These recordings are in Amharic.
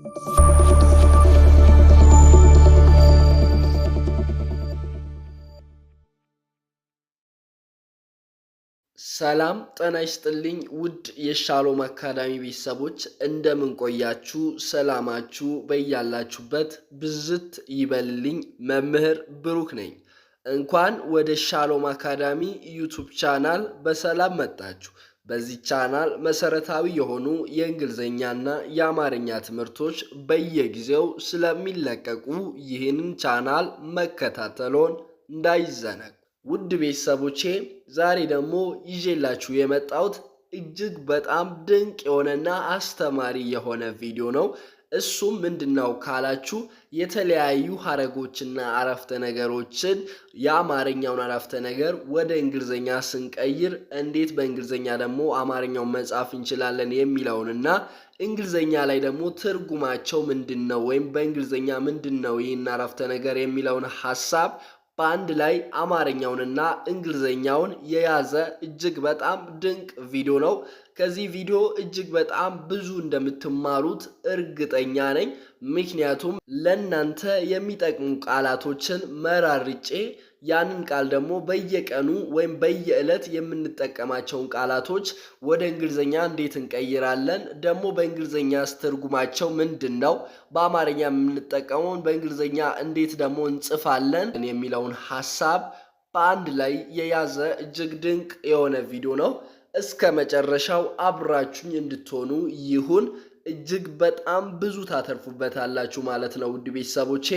ሰላም ጤና ይስጥልኝ። ውድ የሻሎም አካዳሚ ቤተሰቦች እንደምን ቆያችሁ? ሰላማችሁ በያላችሁበት ብዝት ይበልልኝ። መምህር ብሩክ ነኝ። እንኳን ወደ ሻሎም አካዳሚ ዩቱብ ቻናል በሰላም መጣችሁ። በዚህ ቻናል መሰረታዊ የሆኑ የእንግሊዝኛና የአማርኛ ትምህርቶች በየጊዜው ስለሚለቀቁ ይህንን ቻናል መከታተሎን እንዳይዘነጉ። ውድ ቤተሰቦቼ ዛሬ ደግሞ ይዤላችሁ የመጣሁት እጅግ በጣም ድንቅ የሆነና አስተማሪ የሆነ ቪዲዮ ነው። እሱም ምንድን ነው ካላችሁ የተለያዩ ሀረጎችና አረፍተ ነገሮችን የአማርኛውን አረፍተ ነገር ወደ እንግሊዝኛ ስንቀይር እንዴት በእንግሊዝኛ ደግሞ አማርኛውን መጻፍ እንችላለን እና እንግሊዝኛ ላይ ደግሞ ትርጉማቸው ምንድን ነው ወይም በእንግሊዝኛ ምንድን ነው ይህን አረፍተ ነገር የሚለውን ሀሳብ በአንድ ላይ አማርኛውንና እንግሊዝኛውን የያዘ እጅግ በጣም ድንቅ ቪዲዮ ነው። ከዚህ ቪዲዮ እጅግ በጣም ብዙ እንደምትማሩት እርግጠኛ ነኝ። ምክንያቱም ለእናንተ የሚጠቅሙ ቃላቶችን መራርጬ ያንን ቃል ደግሞ በየቀኑ ወይም በየዕለት የምንጠቀማቸውን ቃላቶች ወደ እንግሊዝኛ እንዴት እንቀይራለን፣ ደግሞ በእንግሊዝኛ ስትርጉማቸው ምንድን ነው፣ በአማርኛ የምንጠቀመውን በእንግሊዝኛ እንዴት ደግሞ እንጽፋለን የሚለውን ሀሳብ በአንድ ላይ የያዘ እጅግ ድንቅ የሆነ ቪዲዮ ነው። እስከ መጨረሻው አብራችሁኝ እንድትሆኑ ይሁን። እጅግ በጣም ብዙ ታተርፉበታላችሁ ማለት ነው ውድ ቤተሰቦቼ።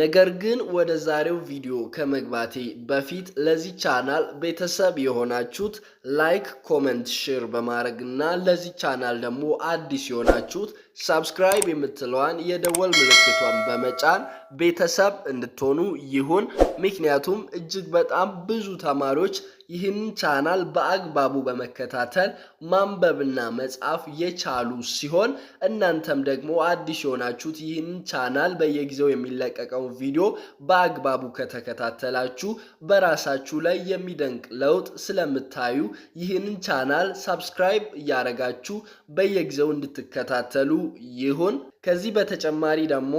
ነገር ግን ወደ ዛሬው ቪዲዮ ከመግባቴ በፊት ለዚህ ቻናል ቤተሰብ የሆናችሁት ላይክ፣ ኮመንት፣ ሼር በማድረግ እና ለዚህ ቻናል ደግሞ አዲስ የሆናችሁት ሳብስክራይብ የምትለዋን የደወል ምልክቷን በመጫን ቤተሰብ እንድትሆኑ ይሁን። ምክንያቱም እጅግ በጣም ብዙ ተማሪዎች ይህንን ቻናል በአግባቡ በመከታተል ማንበብና መጻፍ የቻሉ ሲሆን እናንተም ደግሞ አዲስ የሆናችሁት ይህንን ቻናል በየጊዜው የሚለቀቀውን ቪዲዮ በአግባቡ ከተከታተላችሁ በራሳችሁ ላይ የሚደንቅ ለውጥ ስለምታዩ ይህንን ቻናል ሳብስክራይብ እያደረጋችሁ በየጊዜው እንድትከታተሉ ይሁን። ከዚህ በተጨማሪ ደግሞ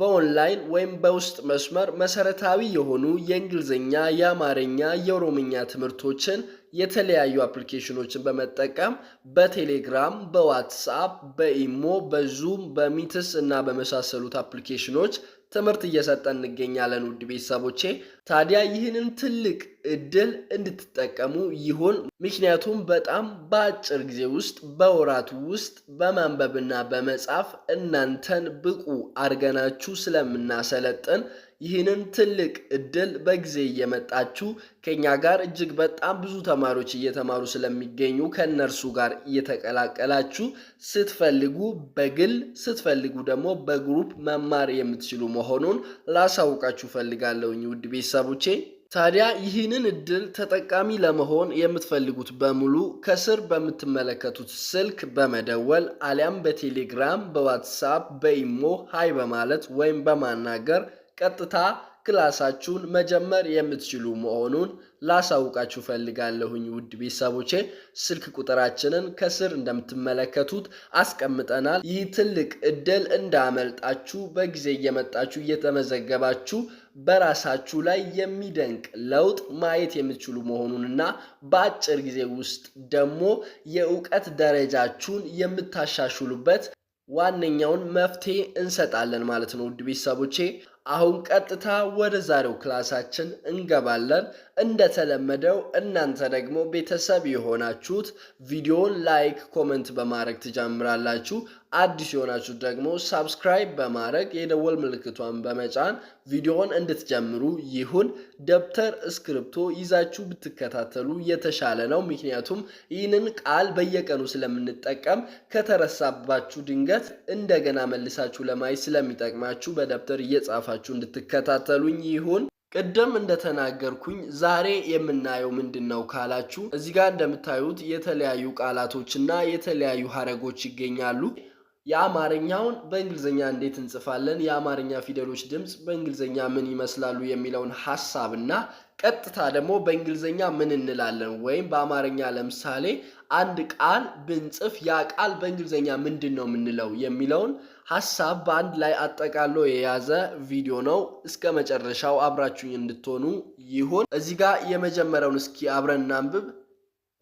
በኦንላይን ወይም በውስጥ መስመር መሰረታዊ የሆኑ የእንግሊዝኛ፣ የአማርኛ፣ የኦሮምኛ ትምህርቶችን የተለያዩ አፕሊኬሽኖችን በመጠቀም በቴሌግራም፣ በዋትስአፕ፣ በኢሞ፣ በዙም፣ በሚትስ እና በመሳሰሉት አፕሊኬሽኖች ትምህርት እየሰጠን እንገኛለን። ውድ ቤተሰቦቼ ታዲያ ይህንን ትልቅ እድል እንድትጠቀሙ ይሆን። ምክንያቱም በጣም በአጭር ጊዜ ውስጥ በወራቱ ውስጥ በማንበብና በመጻፍ እናንተን ብቁ አድርገናችሁ ስለምናሰለጥን ይህንን ትልቅ እድል በጊዜ እየመጣችሁ ከኛ ጋር እጅግ በጣም ብዙ ተማሪዎች እየተማሩ ስለሚገኙ ከእነርሱ ጋር እየተቀላቀላችሁ ስትፈልጉ በግል ስትፈልጉ ደግሞ በግሩፕ መማር የምትችሉ መሆኑን ላሳውቃችሁ ፈልጋለሁኝ ውድ ቤተሰቦቼ። ታዲያ ይህንን እድል ተጠቃሚ ለመሆን የምትፈልጉት በሙሉ ከስር በምትመለከቱት ስልክ በመደወል አሊያም በቴሌግራም፣ በዋትሳፕ፣ በኢሞ ሀይ በማለት ወይም በማናገር ቀጥታ ክላሳችሁን መጀመር የምትችሉ መሆኑን ላሳውቃችሁ ፈልጋለሁኝ ውድ ቤተሰቦቼ። ስልክ ቁጥራችንን ከስር እንደምትመለከቱት አስቀምጠናል። ይህ ትልቅ እድል እንዳመልጣችሁ በጊዜ እየመጣችሁ እየተመዘገባችሁ በራሳችሁ ላይ የሚደንቅ ለውጥ ማየት የምትችሉ መሆኑንና በአጭር ጊዜ ውስጥ ደግሞ የእውቀት ደረጃችሁን የምታሻሽሉበት ዋነኛውን መፍትሄ እንሰጣለን ማለት ነው ውድ ቤተሰቦቼ። አሁን ቀጥታ ወደ ዛሬው ክላሳችን እንገባለን። እንደተለመደው እናንተ ደግሞ ቤተሰብ የሆናችሁት ቪዲዮን ላይክ፣ ኮመንት በማድረግ ትጀምራላችሁ። አዲስ የሆናችሁ ደግሞ ሳብስክራይብ በማድረግ የደወል ምልክቷን በመጫን ቪዲዮውን እንድትጀምሩ ይሁን። ደብተር እስክሪብቶ ይዛችሁ ብትከታተሉ የተሻለ ነው። ምክንያቱም ይህንን ቃል በየቀኑ ስለምንጠቀም ከተረሳባችሁ ድንገት እንደገና መልሳችሁ ለማየት ስለሚጠቅማችሁ በደብተር እየጻፋችሁ እንድትከታተሉኝ ይሁን። ቅድም እንደተናገርኩኝ ዛሬ የምናየው ምንድን ነው ካላችሁ እዚህ ጋር እንደምታዩት የተለያዩ ቃላቶችና የተለያዩ ሀረጎች ይገኛሉ። የአማርኛውን በእንግሊዝኛ እንዴት እንጽፋለን፣ የአማርኛ ፊደሎች ድምፅ በእንግሊዝኛ ምን ይመስላሉ የሚለውን ሀሳብ እና ቀጥታ ደግሞ በእንግሊዝኛ ምን እንላለን ወይም በአማርኛ ለምሳሌ አንድ ቃል ብንጽፍ ያ ቃል በእንግሊዝኛ ምንድን ነው የምንለው የሚለውን ሀሳብ በአንድ ላይ አጠቃሎ የያዘ ቪዲዮ ነው። እስከ መጨረሻው አብራችሁኝ እንድትሆኑ ይሁን። እዚህ ጋር የመጀመሪያውን እስኪ አብረን እናንብብ።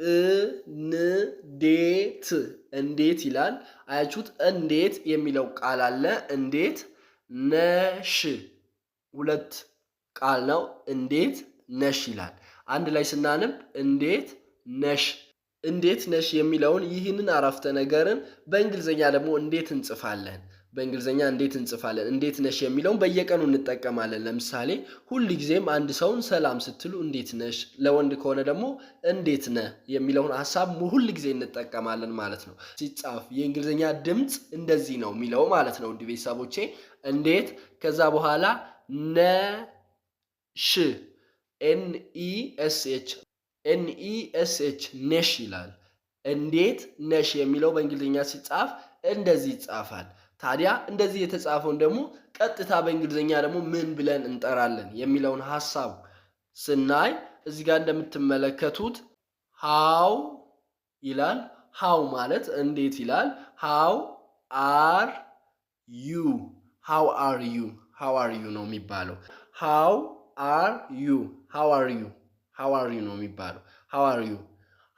እንዴት እንዴት ይላል። አያችሁት? እንዴት የሚለው ቃል አለ። እንዴት ነሽ ሁለት ቃል ነው። እንዴት ነሽ ይላል። አንድ ላይ ስናንብ እንዴት ነሽ እንዴት ነሽ የሚለውን ይህንን አረፍተ ነገርን በእንግሊዝኛ ደግሞ እንዴት እንጽፋለን? በእንግሊዝኛ እንዴት እንጽፋለን፣ እንዴት ነሽ የሚለውን በየቀኑ እንጠቀማለን። ለምሳሌ ጊዜም አንድ ሰውን ሰላም ስትሉ እንዴት ነሽ፣ ለወንድ ከሆነ ደግሞ እንዴት ነህ የሚለውን ሀሳብ ጊዜ እንጠቀማለን ማለት ነው። ሲጻፍ የእንግሊዝኛ ድምፅ እንደዚህ ነው የሚለው ማለት ነው። ውድ ቤተሰቦቼ እንዴት ከዛ በኋላ ነሽ ኤንኢኤስኤች ኤንኢኤስኤች ነሽ ይላል። እንዴት ነሽ የሚለው በእንግሊዝኛ ሲጻፍ እንደዚህ ይጻፋል። ታዲያ እንደዚህ የተጻፈውን ደግሞ ቀጥታ በእንግሊዝኛ ደግሞ ምን ብለን እንጠራለን የሚለውን ሀሳብ ስናይ እዚህ ጋር እንደምትመለከቱት ሃው ይላል። ሃው ማለት እንዴት ይላል። ሃው አር ዩ ሃው አር ዩ ሃው አር ዩ ነው የሚባለው። ሃው አር ዩ ሃው አር ዩ ሃው አር ዩ ነው የሚባለው። ሃው አር ዩ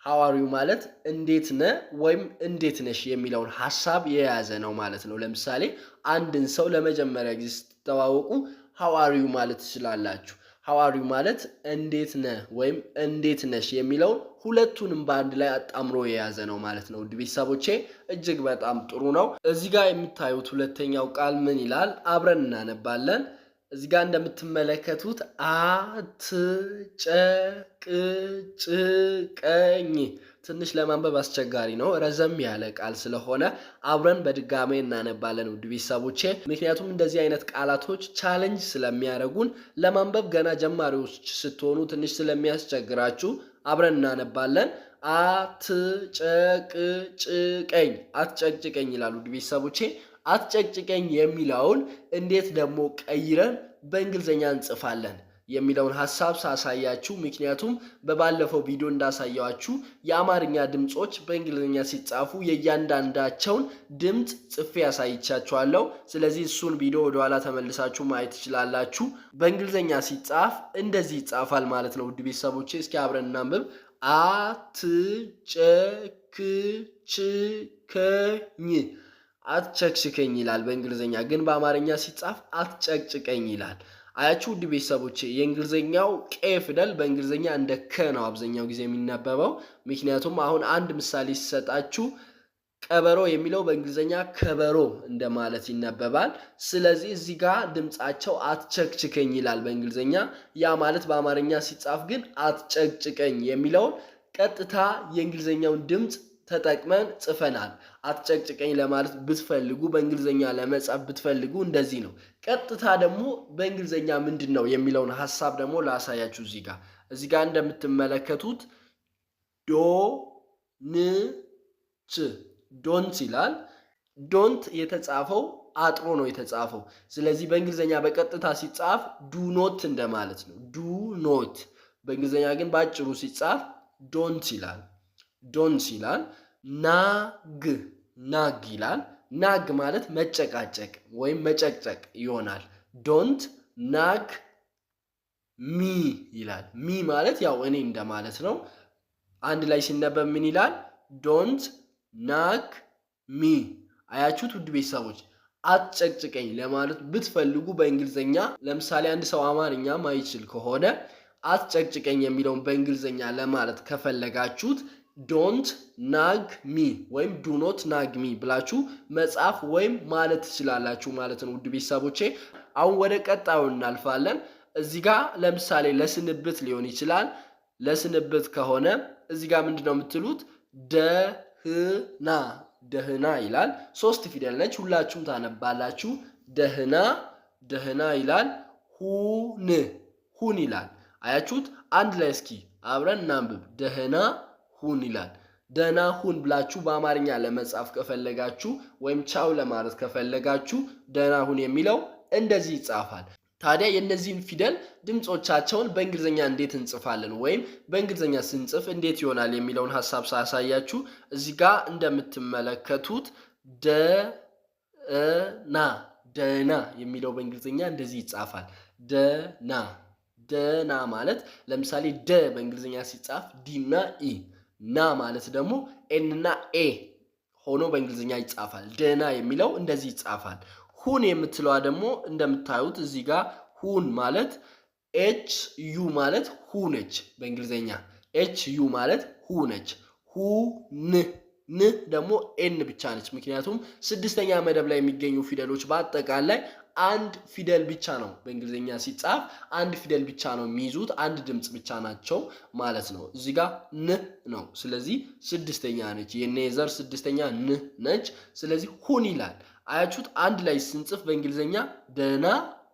ሀዋሪው ማለት እንዴት ነ ወይም እንዴት ነሽ የሚለውን ሀሳብ የያዘ ነው ማለት ነው። ለምሳሌ አንድን ሰው ለመጀመሪያ ጊዜ ስትተዋወቁ ሀዋሪው ማለት ትችላላችሁ። ሀዋሪው ማለት እንዴት ነ ወይም እንዴት ነሽ የሚለውን ሁለቱንም በአንድ ላይ አጣምሮ የያዘ ነው ማለት ነው። ውድ ቤተሰቦቼ እጅግ በጣም ጥሩ ነው። እዚህ ጋር የምታዩት ሁለተኛው ቃል ምን ይላል? አብረን እናነባለን። እዚህ ጋር እንደምትመለከቱት አትጨቅጭቀኝ ትንሽ ለማንበብ አስቸጋሪ ነው፣ ረዘም ያለ ቃል ስለሆነ አብረን በድጋሜ እናነባለን ውድ ቤተሰቦቼ። ምክንያቱም እንደዚህ አይነት ቃላቶች ቻለንጅ ስለሚያደርጉን ለማንበብ ገና ጀማሪዎች ስትሆኑ ትንሽ ስለሚያስቸግራችሁ አብረን እናነባለን። አትጨቅጭቀኝ አትጨቅጭቀኝ ይላሉ ውድ ቤተሰቦቼ። አትጨቅጭቀኝ የሚለውን እንዴት ደግሞ ቀይረን በእንግሊዝኛ እንጽፋለን የሚለውን ሀሳብ ሳሳያችሁ፣ ምክንያቱም በባለፈው ቪዲዮ እንዳሳያችሁ የአማርኛ ድምፆች በእንግሊዝኛ ሲጻፉ የእያንዳንዳቸውን ድምፅ ጽፌ ያሳይቻችኋለሁ። ስለዚህ እሱን ቪዲዮ ወደኋላ ተመልሳችሁ ማየት ትችላላችሁ። በእንግሊዝኛ ሲጻፍ እንደዚህ ይጻፋል ማለት ነው። ውድ ቤተሰቦቼ እስኪ አብረን እናንብብ። አትጨቅጭቀኝ አትጨቅጭቀኝ ይላል በእንግሊዝኛ ግን በአማርኛ ሲጻፍ አትጨቅጭቀኝ ይላል። አያችሁ ውድ ቤተሰቦች የእንግሊዝኛው ቄ ፊደል በእንግሊዝኛ እንደ ከ ነው አብዛኛው ጊዜ የሚነበበው። ምክንያቱም አሁን አንድ ምሳሌ ሲሰጣችሁ ቀበሮ የሚለው በእንግሊዝኛ ከበሮ እንደማለት ይነበባል። ስለዚህ እዚህ ጋር ድምፃቸው አትቸክችከኝ ይላል በእንግሊዝኛ። ያ ማለት በአማርኛ ሲጻፍ ግን አትጨቅጭቀኝ የሚለውን ቀጥታ የእንግሊዝኛውን ድምፅ ተጠቅመን ጽፈናል። አትጨቅጭቀኝ ለማለት ብትፈልጉ በእንግሊዝኛ ለመጻፍ ብትፈልጉ እንደዚህ ነው። ቀጥታ ደግሞ በእንግሊዝኛ ምንድን ነው የሚለውን ሀሳብ ደግሞ ላሳያችሁ። እዚህ ጋር እዚህ ጋር እንደምትመለከቱት ዶንች ዶንት ይላል። ዶንት የተጻፈው አጥሮ ነው የተጻፈው። ስለዚህ በእንግሊዝኛ በቀጥታ ሲጻፍ ዱ ኖት እንደማለት ነው። ዱ ኖት በእንግሊዝኛ ግን በአጭሩ ሲጻፍ ዶንት ይላል። ዶንስ ይላል። ናግ ናግ ይላል። ናግ ማለት መጨቃጨቅ ወይም መጨቅጨቅ ይሆናል። ዶንት ናግ ሚ ይላል። ሚ ማለት ያው እኔ እንደማለት ነው። አንድ ላይ ሲነበብ ምን ይላል? ዶንት ናግ ሚ። አያችሁት ውድ ቤተሰቦች አትጨቅጭቀኝ ለማለት ብትፈልጉ በእንግሊዝኛ ለምሳሌ አንድ ሰው አማርኛ ማይችል ከሆነ አትጨቅጭቀኝ የሚለውን በእንግሊዝኛ ለማለት ከፈለጋችሁት ዶንት ናግ ሚ ወይም ዱኖት ናግ ሚ ብላችሁ መጻፍ ወይም ማለት ትችላላችሁ ማለት ነው። ውድ ቤተሰቦቼ አሁን ወደ ቀጣዩ እናልፋለን። እዚህ ጋ ለምሳሌ ለስንብት ሊሆን ይችላል። ለስንብት ከሆነ እዚህ ጋር ምንድን ነው የምትሉት? ደህና ደህና ይላል። ሶስት ፊደል ነች። ሁላችሁም ታነባላችሁ። ደህና ደህና ይላል። ሁን ሁን ይላል። አያችሁት? አንድ ላይ እስኪ አብረን እናንብብ። ደህና ሁን ይላል። ደህና ሁን ብላችሁ በአማርኛ ለመጻፍ ከፈለጋችሁ ወይም ቻው ለማለት ከፈለጋችሁ ደህና ሁን የሚለው እንደዚህ ይጻፋል። ታዲያ የእነዚህን ፊደል ድምፆቻቸውን በእንግሊዝኛ እንዴት እንጽፋለን ወይም በእንግሊዝኛ ስንጽፍ እንዴት ይሆናል የሚለውን ሀሳብ ሳያሳያችሁ እዚህ ጋር እንደምትመለከቱት ደና ደና የሚለው በእንግሊዝኛ እንደዚህ ይጻፋል። ደና ደና ማለት ለምሳሌ ደ በእንግሊዝኛ ሲጻፍ ዲና ኢ ና ማለት ደግሞ ኤን እና ኤ ሆኖ በእንግሊዝኛ ይጻፋል። ደህና የሚለው እንደዚህ ይጻፋል። ሁን የምትለዋ ደግሞ እንደምታዩት እዚህ ጋር ሁን ማለት ኤች ዩ ማለት ሁ ነች። በእንግሊዝኛ ኤች ዩ ማለት ሁ ነች። ሁ ን ን ደግሞ ኤን ብቻ ነች። ምክንያቱም ስድስተኛ መደብ ላይ የሚገኙ ፊደሎች በአጠቃላይ አንድ ፊደል ብቻ ነው በእንግሊዝኛ ሲጻፍ አንድ ፊደል ብቻ ነው የሚይዙት፣ አንድ ድምፅ ብቻ ናቸው ማለት ነው። እዚህ ጋር ን ነው። ስለዚህ ስድስተኛ ነች። የኔዘር ስድስተኛ ን ነች። ስለዚህ ሁን ይላል። አያችሁት? አንድ ላይ ስንጽፍ በእንግሊዝኛ ደና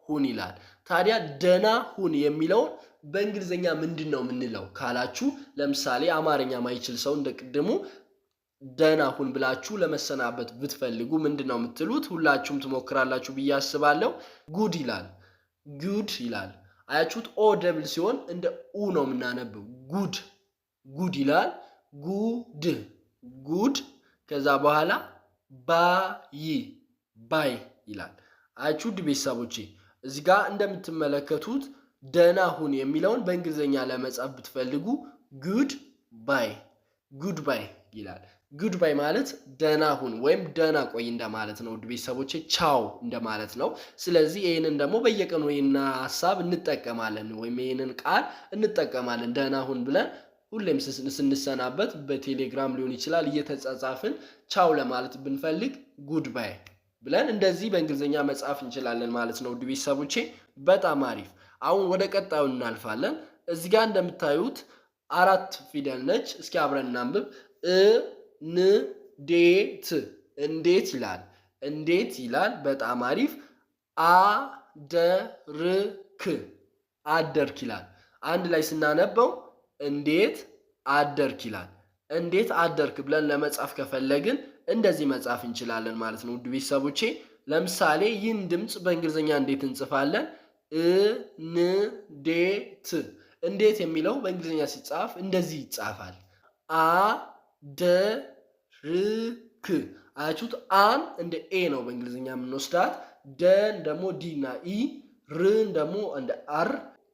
ሁን ይላል። ታዲያ ደና ሁን የሚለውን በእንግሊዝኛ ምንድን ነው የምንለው ካላችሁ፣ ለምሳሌ አማርኛ ማይችል ሰው እንደ ቅድሙ ደህና ሁን ብላችሁ ለመሰናበት ብትፈልጉ ምንድን ነው የምትሉት? ሁላችሁም ትሞክራላችሁ ብዬ አስባለሁ። ጉድ ይላል፣ ጉድ ይላል። አያችሁት? ኦ ደብል ሲሆን እንደ ኡ ነው የምናነበው። ጉድ ጉድ ይላል። ጉድ ጉድ። ከዛ በኋላ ባይ ባይ ይላል። አያችሁ ውድ ቤተሰቦቼ እዚህ ጋር እንደምትመለከቱት ደህና ሁን የሚለውን በእንግሊዝኛ ለመጻፍ ብትፈልጉ ጉድ ባይ ጉድ ባይ ይላል። ጉድ ባይ ማለት ደህና ሁን ወይም ደህና ቆይ እንደማለት ነው። ውድ ቤተሰቦቼ ቻው እንደማለት ነው። ስለዚህ ይህንን ደግሞ በየቀኑ ይህን ሀሳብ እንጠቀማለን ወይም ይህንን ቃል እንጠቀማለን። ደህና ሁን ብለን ሁሌም ስንሰናበት በቴሌግራም ሊሆን ይችላል እየተጻጻፍን ቻው ለማለት ብንፈልግ ጉድባይ ብለን እንደዚህ በእንግሊዝኛ መጻፍ እንችላለን ማለት ነው። ውድ ቤተሰቦቼ በጣም አሪፍ። አሁን ወደ ቀጣዩ እናልፋለን። እዚህ ጋር እንደምታዩት አራት ፊደል ነች። እስኪ አብረን እናንብብ ንዴት እንዴት ይላል እንዴት ይላል። በጣም አሪፍ። አደርክ አደርክ ይላል። አንድ ላይ ስናነበው እንዴት አደርክ ይላል። እንዴት አደርክ ብለን ለመጻፍ ከፈለግን እንደዚህ መጻፍ እንችላለን ማለት ነው። ውድ ቤተሰቦቼ ለምሳሌ ይህን ድምፅ በእንግሊዝኛ እንዴት እንጽፋለን? እንዴት እንዴት የሚለው በእንግሊዝኛ ሲጻፍ እንደዚህ ይጻፋል። አ ደርክ አያችሁት? አን እንደ ኤ ነው በእንግሊዝኛ የምንወስዳት። ደን ደግሞ ዲና ኢ፣ ርን ደግሞ እንደ አር፣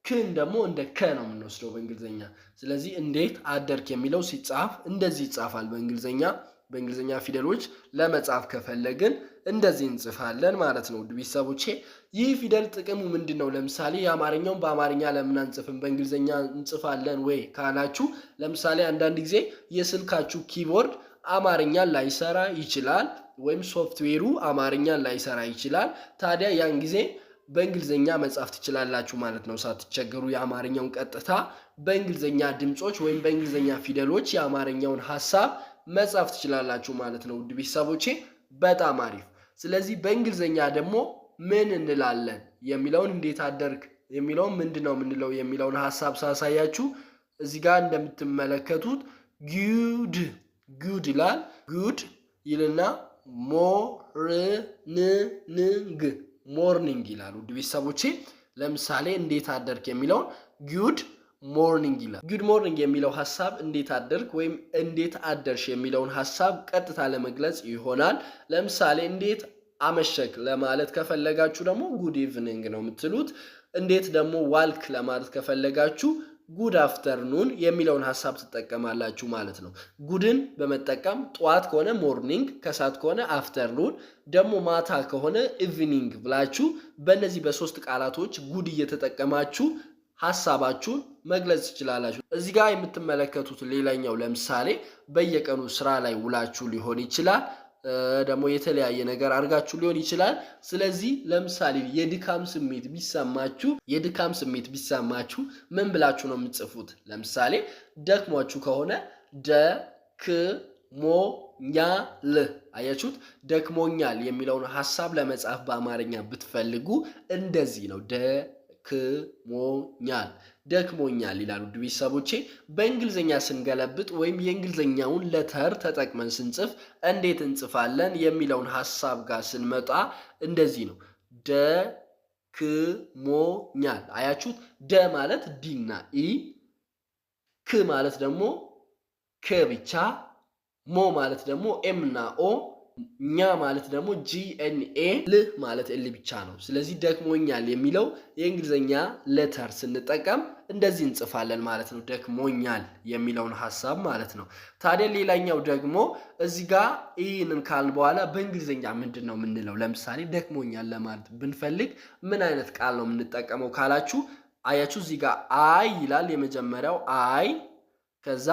ክን ደግሞ እንደ ከ ነው የምንወስደው በእንግሊዝኛ። ስለዚህ እንዴት አደርክ የሚለው ሲጻፍ እንደዚህ ይጻፋል በእንግሊዝኛ በእንግሊዝኛ ፊደሎች ለመጻፍ ከፈለግን እንደዚህ እንጽፋለን ማለት ነው። ውድ ቤተሰቦቼ ይህ ፊደል ጥቅሙ ምንድን ነው? ለምሳሌ የአማርኛውን በአማርኛ ለምን አንጽፍም በእንግሊዝኛ እንጽፋለን ወይ ካላችሁ፣ ለምሳሌ አንዳንድ ጊዜ የስልካችሁ ኪቦርድ አማርኛን ላይሰራ ይችላል፣ ወይም ሶፍትዌሩ አማርኛን ላይሰራ ይችላል። ታዲያ ያን ጊዜ በእንግሊዝኛ መጻፍ ትችላላችሁ ማለት ነው። ሳትቸገሩ የአማርኛውን ቀጥታ በእንግሊዝኛ ድምፆች ወይም በእንግሊዝኛ ፊደሎች የአማርኛውን ሀሳብ መጻፍ ትችላላችሁ ማለት ነው። ውድ ቤተሰቦቼ በጣም አሪፍ ስለዚህ በእንግሊዝኛ ደግሞ ምን እንላለን የሚለውን እንዴት አደርግ የሚለውን ምንድን ነው የምንለው የሚለውን ሀሳብ ሳሳያችሁ እዚህ ጋር እንደምትመለከቱት ጉድ ጉድ ይላል። ጉድ ይልና ሞርንንግ ሞርኒንግ ይላል። ውድ ቤተሰቦቼ ለምሳሌ እንዴት አደርግ የሚለውን ጉድ ሞርኒንግ ይላል። ጉድ ሞርኒንግ የሚለው ሀሳብ እንዴት አደርክ ወይም እንዴት አደርሽ የሚለውን ሀሳብ ቀጥታ ለመግለጽ ይሆናል። ለምሳሌ እንዴት አመሸክ ለማለት ከፈለጋችሁ ደግሞ ጉድ ኢቭኒንግ ነው የምትሉት። እንዴት ደግሞ ዋልክ ለማለት ከፈለጋችሁ ጉድ አፍተርኑን የሚለውን ሀሳብ ትጠቀማላችሁ ማለት ነው። ጉድን በመጠቀም ጠዋት ከሆነ ሞርኒንግ፣ ከሳት ከሆነ አፍተርኑን፣ ደግሞ ማታ ከሆነ ኢቭኒንግ ብላችሁ በእነዚህ በሶስት ቃላቶች ጉድ እየተጠቀማችሁ ሀሳባችሁን መግለጽ ትችላላችሁ። እዚህ ጋር የምትመለከቱት ሌላኛው ለምሳሌ በየቀኑ ስራ ላይ ውላችሁ ሊሆን ይችላል፣ ደግሞ የተለያየ ነገር አድርጋችሁ ሊሆን ይችላል። ስለዚህ ለምሳሌ የድካም ስሜት ቢሰማችሁ የድካም ስሜት ቢሰማችሁ ምን ብላችሁ ነው የምትጽፉት? ለምሳሌ ደክሟችሁ ከሆነ ደክሞኛል። አያችሁት? ደክሞኛል የሚለውን ሀሳብ ለመጻፍ በአማርኛ ብትፈልጉ እንደዚህ ነው። ደክሞኛል ደክሞኛል ይላሉ ውድ ቤተሰቦቼ። በእንግሊዝኛ ስንገለብጥ ወይም የእንግሊዝኛውን ለተር ተጠቅመን ስንጽፍ እንዴት እንጽፋለን የሚለውን ሀሳብ ጋር ስንመጣ እንደዚህ ነው። ደክሞኛል አያችሁት? ደ ማለት ዲና ኢ፣ ክ ማለት ደግሞ ከ ብቻ፣ ሞ ማለት ደግሞ ኤምና ኦ ኛ ማለት ደግሞ ጂኤንኤ ል ማለት እል ብቻ ነው። ስለዚህ ደክሞኛል የሚለው የእንግሊዝኛ ሌተር ስንጠቀም እንደዚህ እንጽፋለን ማለት ነው። ደክሞኛል የሚለውን ሀሳብ ማለት ነው። ታዲያ ሌላኛው ደግሞ እዚህ ጋር ኢንን ካልን በኋላ በእንግሊዝኛ ምንድን ነው የምንለው? ለምሳሌ ደክሞኛል ለማለት ብንፈልግ ምን አይነት ቃል ነው የምንጠቀመው ካላችሁ፣ አያችሁ እዚህ ጋር አይ ይላል የመጀመሪያው አይ፣ ከዛ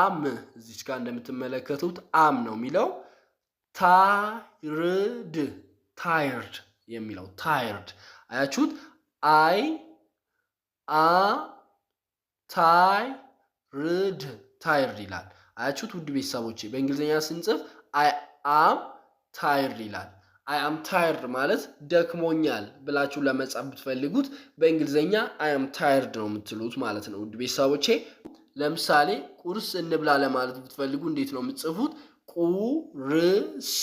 አም እዚች ጋር እንደምትመለከቱት አም ነው የሚለው ታይርድ ታይርድ የሚለው ታይርድ አያችሁት? አይ አ ርድ ታይርድ ይላል። አያችሁት? ውድ ቤተሰቦቼ በእንግሊዝኛ ስንጽፍ አይ አም ታይርድ ይላል። አይ አም ታይርድ ማለት ደክሞኛል ብላችሁ ለመጻፍ ብትፈልጉት በእንግሊዝኛ አይ አም ታይርድ ነው የምትሉት ማለት ነው። ውድ ቤተሰቦቼ ለምሳሌ ቁርስ እንብላ ለማለት ብትፈልጉ እንዴት ነው የምትጽፉት? ቁርስ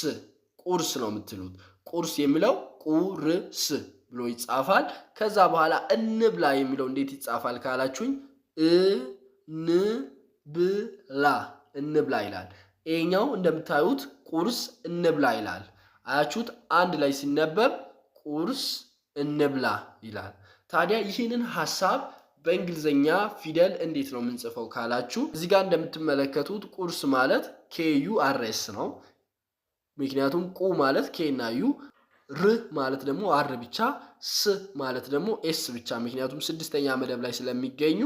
ቁርስ ነው የምትሉት። ቁርስ የሚለው ቁርስ ብሎ ይጻፋል። ከዛ በኋላ እንብላ የሚለው እንዴት ይጻፋል ካላችሁኝ እንብላ እንብላ ይላል። ይሄኛው እንደምታዩት ቁርስ እንብላ ይላል። አያችሁት? አንድ ላይ ሲነበብ ቁርስ እንብላ ይላል። ታዲያ ይህንን ሀሳብ በእንግሊዘኛ ፊደል እንዴት ነው የምንጽፈው ካላችሁ እዚህ ጋር እንደምትመለከቱት ቁርስ ማለት ኬዩ አር ኤስ ነው። ምክንያቱም ቁ ማለት ኬ እና ዩ፣ ር ማለት ደግሞ አር ብቻ፣ ስ ማለት ደግሞ ኤስ ብቻ። ምክንያቱም ስድስተኛ መደብ ላይ ስለሚገኙ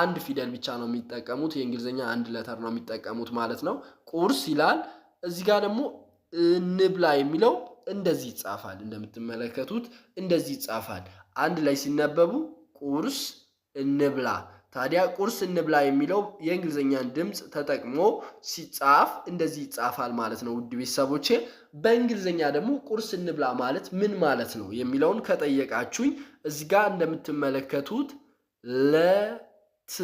አንድ ፊደል ብቻ ነው የሚጠቀሙት። የእንግሊዝኛ አንድ ለተር ነው የሚጠቀሙት ማለት ነው። ቁርስ ይላል። እዚህ ጋር ደግሞ እንብላ የሚለው እንደዚህ ይጻፋል። እንደምትመለከቱት እንደዚህ ይጻፋል። አንድ ላይ ሲነበቡ ቁርስ እንብላ ታዲያ ቁርስ እንብላ የሚለው የእንግሊዝኛን ድምፅ ተጠቅሞ ሲጻፍ እንደዚህ ይጻፋል ማለት ነው። ውድ ቤተሰቦቼ በእንግሊዝኛ ደግሞ ቁርስ እንብላ ማለት ምን ማለት ነው የሚለውን ከጠየቃችሁኝ እዚጋ እንደምትመለከቱት ለት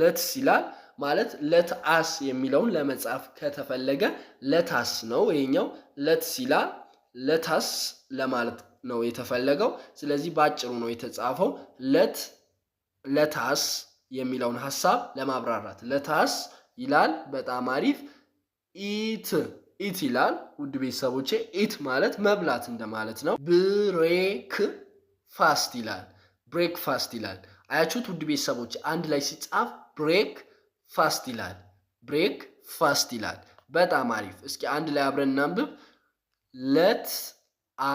ለትስ ይላል ማለት ለትአስ የሚለውን ለመጻፍ ከተፈለገ ለታስ ነው ይሄኛው። ለትስ ይላል ለታስ ለማለት ነው የተፈለገው። ስለዚህ በአጭሩ ነው የተጻፈው ለት ለታስ የሚለውን ሀሳብ ለማብራራት ለታስ ይላል። በጣም አሪፍ ኢት ኢት ይላል። ውድ ቤተሰቦቼ ኢት ማለት መብላት እንደማለት ነው። ብሬክ ፋስት ይላል። ብሬክ ፋስት ይላል። አያችሁት ውድ ቤተሰቦች አንድ ላይ ሲጻፍ ብሬክ ፋስት ይላል። ብሬክ ፋስት ይላል። በጣም አሪፍ። እስኪ አንድ ላይ አብረን እናንብብ። ለት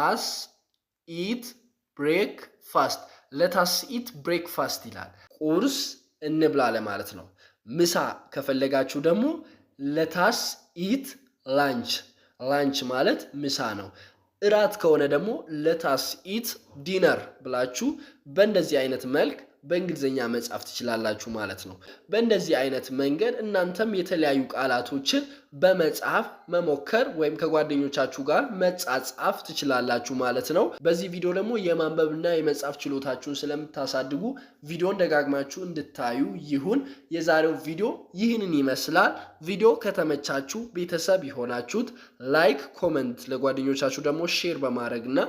አስ ኢት ብሬክ ፋስት ለት አስ ኢት ብሬክ ፋስት ይላል። ቁርስ እንብላ ለማለት ነው። ምሳ ከፈለጋችሁ ደግሞ ለታስ ኢት ላንች። ላንች ማለት ምሳ ነው። እራት ከሆነ ደግሞ ለታስ ኢት ዲነር ብላችሁ በእንደዚህ አይነት መልክ በእንግሊዝኛ መጻፍ ትችላላችሁ ማለት ነው። በእንደዚህ አይነት መንገድ እናንተም የተለያዩ ቃላቶችን በመጻፍ መሞከር ወይም ከጓደኞቻችሁ ጋር መጻጻፍ ትችላላችሁ ማለት ነው። በዚህ ቪዲዮ ደግሞ የማንበብና የመጻፍ ችሎታችሁን ስለምታሳድጉ ቪዲዮን ደጋግማችሁ እንድታዩ ይሁን። የዛሬው ቪዲዮ ይህንን ይመስላል። ቪዲዮ ከተመቻችሁ ቤተሰብ የሆናችሁት ላይክ፣ ኮመንት ለጓደኞቻችሁ ደግሞ ሼር በማድረግ እና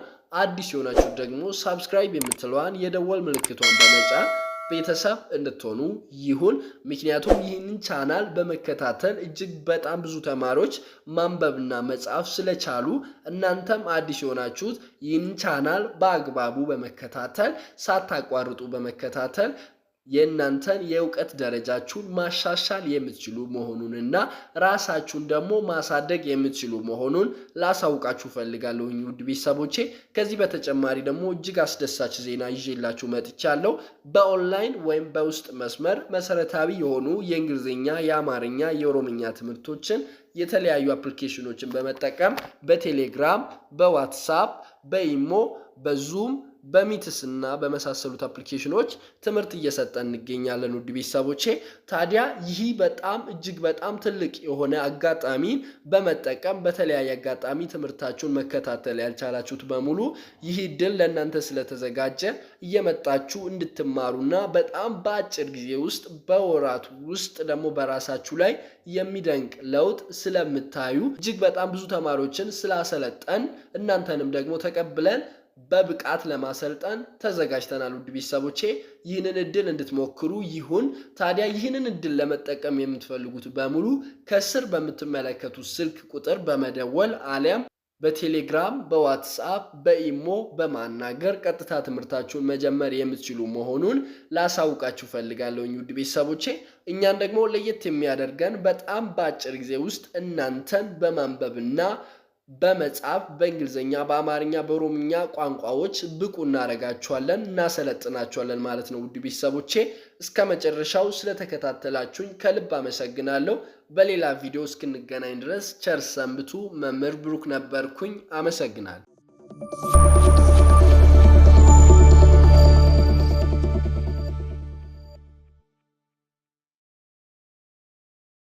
አዲስ የሆናችሁ ደግሞ ሳብስክራይብ የምትለዋን የደወል ምልክቷን በመጫን ቤተሰብ እንድትሆኑ ይሁን። ምክንያቱም ይህንን ቻናል በመከታተል እጅግ በጣም ብዙ ተማሪዎች ማንበብና መጻፍ ስለቻሉ እናንተም አዲስ የሆናችሁት ይህንን ቻናል በአግባቡ በመከታተል ሳታቋርጡ በመከታተል የእናንተን የእውቀት ደረጃችሁን ማሻሻል የምትችሉ መሆኑንና ራሳችሁን ደግሞ ማሳደግ የምትችሉ መሆኑን ላሳውቃችሁ ፈልጋለሁ ውድ ቤተሰቦቼ። ከዚህ በተጨማሪ ደግሞ እጅግ አስደሳች ዜና ይዤላችሁ መጥቻለሁ። በኦንላይን ወይም በውስጥ መስመር መሰረታዊ የሆኑ የእንግሊዝኛ፣ የአማርኛ፣ የኦሮምኛ ትምህርቶችን የተለያዩ አፕሊኬሽኖችን በመጠቀም በቴሌግራም፣ በዋትሳፕ፣ በኢሞ፣ በዙም በሚትስ እና በመሳሰሉት አፕሊኬሽኖች ትምህርት እየሰጠ እንገኛለን። ውድ ቤተሰቦቼ ታዲያ ይህ በጣም እጅግ በጣም ትልቅ የሆነ አጋጣሚ በመጠቀም በተለያየ አጋጣሚ ትምህርታችሁን መከታተል ያልቻላችሁት በሙሉ ይህ እድል ለእናንተ ስለተዘጋጀ እየመጣችሁ እንድትማሩና በጣም በአጭር ጊዜ ውስጥ በወራት ውስጥ ደግሞ በራሳችሁ ላይ የሚደንቅ ለውጥ ስለምታዩ እጅግ በጣም ብዙ ተማሪዎችን ስላሰለጠን እናንተንም ደግሞ ተቀብለን በብቃት ለማሰልጠን ተዘጋጅተናል። ውድ ቤተሰቦቼ ይህንን እድል እንድትሞክሩ ይሁን። ታዲያ ይህንን እድል ለመጠቀም የምትፈልጉት በሙሉ ከስር በምትመለከቱት ስልክ ቁጥር በመደወል አሊያም በቴሌግራም፣ በዋትስአፕ፣ በኢሞ በማናገር ቀጥታ ትምህርታችሁን መጀመር የምትችሉ መሆኑን ላሳውቃችሁ ፈልጋለሁኝ ውድ ቤተሰቦቼ። እኛን ደግሞ ለየት የሚያደርገን በጣም በአጭር ጊዜ ውስጥ እናንተን በማንበብና በመጻፍ በእንግሊዝኛ፣ በአማርኛ፣ በኦሮምኛ ቋንቋዎች ብቁ እናደርጋችኋለን እናሰለጥናችኋለን ማለት ነው። ውድ ቤተሰቦቼ እስከ መጨረሻው ስለተከታተላችሁኝ ከልብ አመሰግናለሁ። በሌላ ቪዲዮ እስክንገናኝ ድረስ ቸር ሰንብቱ። መምህር ብሩክ ነበርኩኝ። አመሰግናለሁ።